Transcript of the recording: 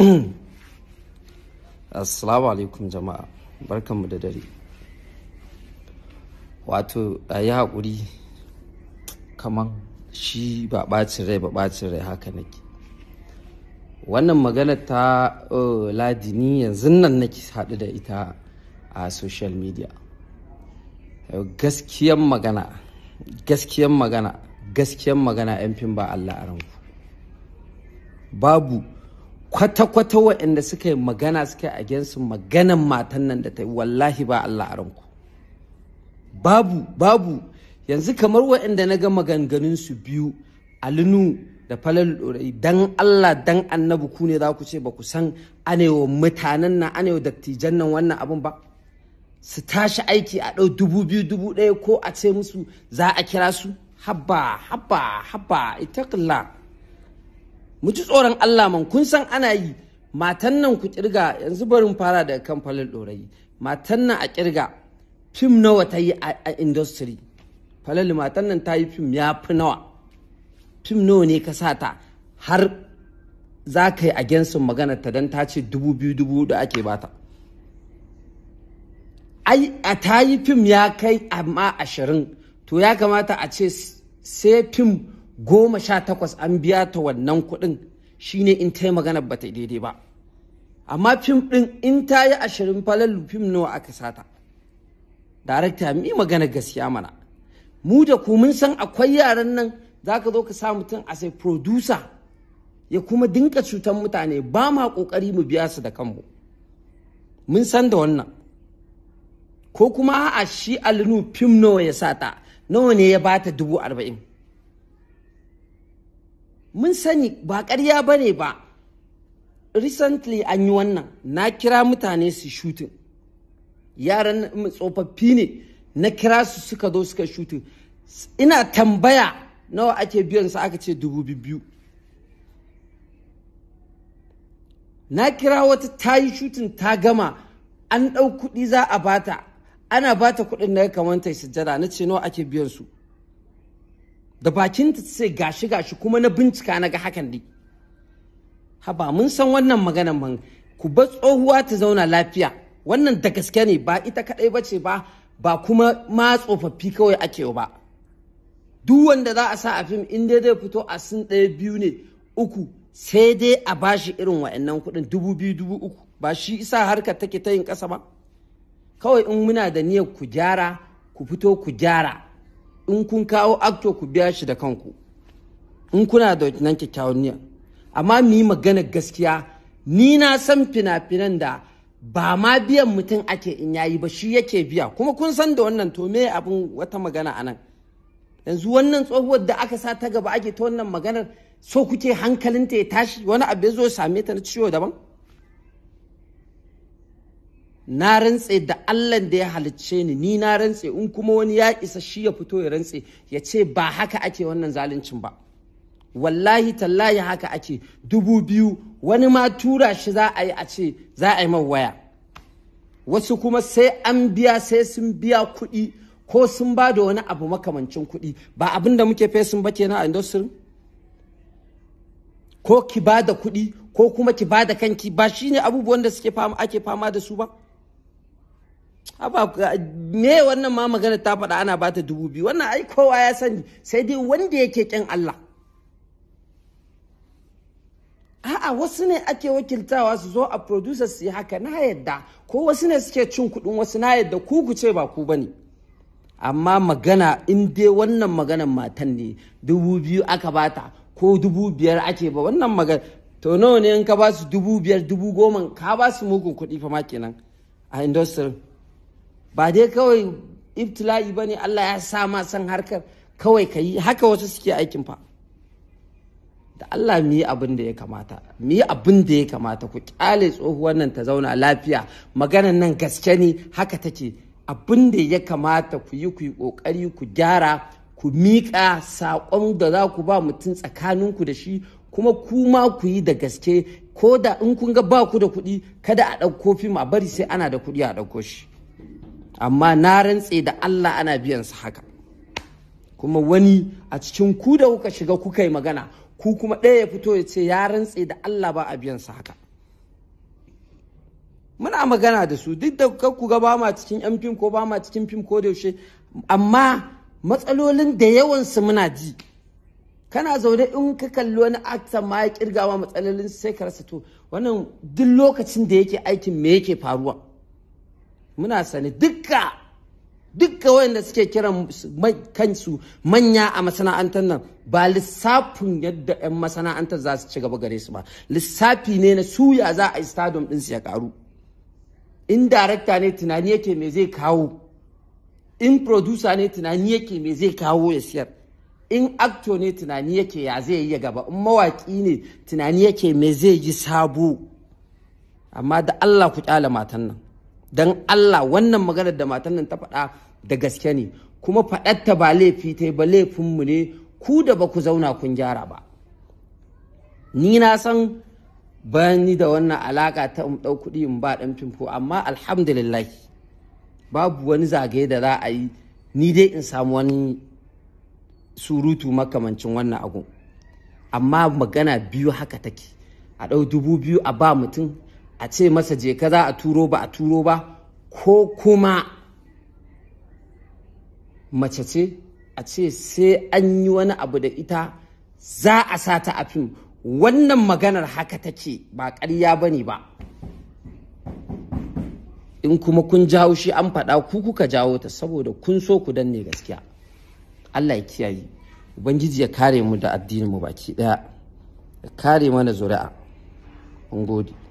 assalamu alaikum jama'a barkanmu da dare wato a yi haƙuri kamar shi ba ɓacin rai ba ɓacin rai haka nake wannan magana ta uh, ladini yanzu nan nake haɗu da ita a social media gaskiyan magana gaskiyan magana gaskiyan magana 'yan fin ba Allah a ranku babu kwata-kwata waɗanda suka yi magana suka yi against maganan matan nan da ta yi wallahi ba Allah a ranku babu babu yanzu kamar waɗanda na ga maganganun su biyu alinu da falal ɗorai dan Allah dan annabi ku ne za ku ce ba ku san anewa mutanen nan anewa dattijan nan wannan abin ba su tashi aiki a ɗau dubu biyu dubu ɗaya ko a ce musu za a kira su habba habba habba kulla. mu ji tsoron Allah man kun san ana yi matan nan ku kirga yanzu barin fara daga kamfanin ɗorayi matan nan a kirga fim nawa ta yi a industry falali matan nan ta yi fim ya fi nawa fim nawa ne ka sata har za ka yi agensin magana ta don ta ce dubu biyu dubu da ake bata ai a ta yi fim ya kai amma ashirin to ya kamata a ce sai fim goma sha takwas an biya ta wannan kuɗin shine in ta yi magana ba ta daidai ba amma fim ɗin in ta yi ashirin falon fim nawa aka sata darakta mi magana gaskiya mana mu da ku mun san akwai yaran nan za ka zo ka sa mutum a sai producer ya kuma dinka cutar mutane ba ma ƙoƙari mu biya su da kanmu mun san da wannan ko kuma a shi alinu fim nawa ya sata nawa ne ya ba ta dubu arba'in mun sani ba karya ba ne ba recently an yi wannan na kira mutane su shooting yaran tsofaffi ne na kira su suka zo suka shooting ina tambaya nawa ake biyan su aka ce dubu biyu na kira wata ta yi shooting ta gama an ɗau kuɗi za a bata ana bata kuɗin da ya kamanta sujjada na ce nawa ake biyan su da bakinta ta ce gashi gashi kuma na bincika na ga hakan ne haba mun san wannan maganan ban ku bar tsohuwa ta zauna lafiya wannan da gaske ne ba ita kadai ba ce ba ba kuma ma tsofaffi kawai ake ba duk wanda za a sa a fim in dai zai fito a sun ɗaya biyu ne uku sai dai a bashi irin wa'annan kuɗin dubu biyu dubu uku ba shi isa harkar take ta yin ƙasa ba kawai in muna da niyyar ku gyara ku fito ku gyara in kun kawo akto ku biya shi da kanku in kuna da nan kyakkyawan niyya amma mu yi magana gaskiya ni na san fina-finan da ba ma biyan mutum ake in yayi ba shi yake biya kuma kun san da wannan to me abin wata magana anan yanzu wannan tsohuwar da aka sa ta gaba ake ta wannan maganar so kuke hankalinta ya tashi wani abu ya zo same ta na ciwo daban na rantse da Allah da ya halicce ni ni na rantse in kuma wani ya isa shi ya fito ya rantse ya ce ba haka ake wannan zaluncin ba wallahi tallahi haka ake dubu biyu wani ma tura shi za a yi a ce za a yi man waya wasu kuma sai an biya sai sun biya kuɗi ko sun ba da wani abu makamancin kuɗi ba abin da muke fesin ba kenan a industry ko ki ba da kuɗi ko kuma ki ba da kanki ba shine abubuwan da suke fama ake fama da su ba haba me wannan ma magana ta faɗa ana bata dubu biyu wannan ai kowa ya sani sai dai wanda yake ƙin Allah a'a wasu ne ake wakiltawa su zo a producers su yi haka na yadda ko wasu ne suke cin kuɗin wasu na yadda ku ku ce ba ku bane amma magana in dai wannan maganan matan ne dubu biyu aka bata ko dubu biyar ake ba wannan magana to nawa ne in ka ba su dubu biyar dubu goma ka ba su mugun kuɗi fa ma kenan a industry ba dai kawai ibtila'i ba ne Allah ya sa ma san harkar kawai ka yi haka wasu suke aikin fa da Allah mu yi abin da ya kamata mu yi abin da ya kamata ku kyale tsohuwar nan ta zauna lafiya maganan nan gaske ne haka take abin da ya kamata ku yi ku yi kokari ku gyara ku miƙa saƙon da za ku ba mutum tsakaninku da shi kuma kuma ku yi da gaske ko da in kun ga ba ku da kuɗi kada a ɗauko fim a bari sai ana da kuɗi a ɗauko shi amma na rantse da Allah ana biyan su haka kuma wani a cikin ku da kuka shiga kuka yi magana ku kuma ɗaya ya fito ya ce ya rantse da Allah ba a biyan su haka muna magana da su duk da ku ga ba ma cikin yan fim ko ba ma cikin fim ko da yaushe amma matsalolin da yawansu muna ji kana zaune in ka kalli wani akta ma ya kirgawa matsalolin sai ka rasa to wannan duk lokacin da yake aikin me yake faruwa muna sani dukka dukka wayanda suke kiran kansu manya a masana'antar nan ba lissafin yadda 'yan masana'antar za su ci gaba gare su ba lissafi ne na suya za a yi stadium ɗinsu ya karu in darakta ne tunani yake me zai kawo in producer ne tunani yake me zai kawo ya siyar in actor ne tunani yake ya zai yi gaba in mawaki ne tunani yake me zai yi sabo amma da Allah ku kyale matan nan don Allah wannan maganar da matan nan ta faɗa da gaske ne kuma faɗatta ba laifi ta ba laifinmu ne ku da ba ku zauna kun gyara ba ni na san ba ni da wannan alaƙa ta in ɗau kuɗi in ba ɗan fimfo amma alhamdulillah babu wani zagaye da za a yi ni dai in samu wani surutu makamancin wannan abu amma magana biyu haka take a ɗau dubu biyu a ba mutum a ce masa je ka za a turo ba a turo ba ko kuma mace ce a ce sai an yi wani abu da ita za a sa ta a fim wannan maganar haka take ba karya ba ba in kuma kun jawo shi an faɗa ku kuka jawo ta saboda kun so ku danne gaskiya allah ya kiyaye ubangiji ya kare mu da addinin mu baki ɗaya ya kare mana zuri'a mun gode